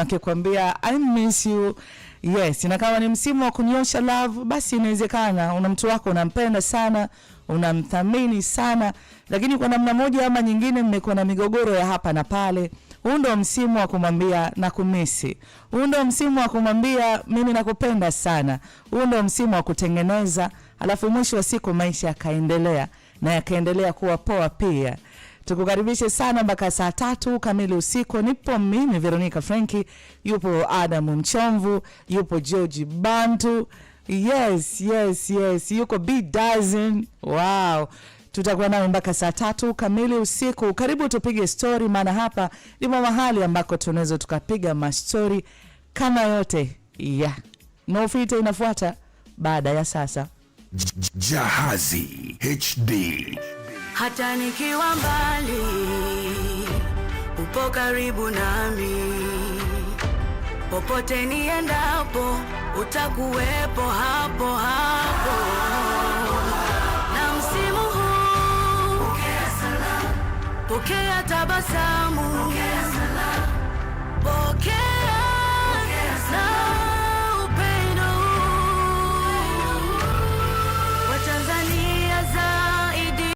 Akikwambia I miss you yes, na kama ni msimu wa kunyosha love, basi inawezekana una mtu wako unampenda sana, unamthamini sana, lakini kwa namna moja ama nyingine mmekuwa na migogoro ya hapa na pale. Huu ndo msimu wa kumwambia nakumisi. Huu ndo msimu wa kumwambia mimi nakupenda sana. Huu ndo msimu wa kutengeneza, alafu mwisho wa siku maisha yakaendelea na yakaendelea kuwa poa pia. Tukukaribishe sana mpaka saa tatu kamili usiku. Nipo mimi Veronica Franki, yupo Adamu Mchomvu, yupo George Bantu. Yes, yes, yes, yuko B Dozen. Wow, tutakuwa nayo mpaka saa tatu kamili usiku. Karibu tupige stori, maana hapa ndimo mahali ambako tunaweza tukapiga mastori kama yote yeah. No inafuata baada ya sasa. Jahazi HD hata nikiwa mbali, upo karibu nami. Popote niendapo, utakuwepo hapo hapo. Na msimu huu pokea tabasamu, pokea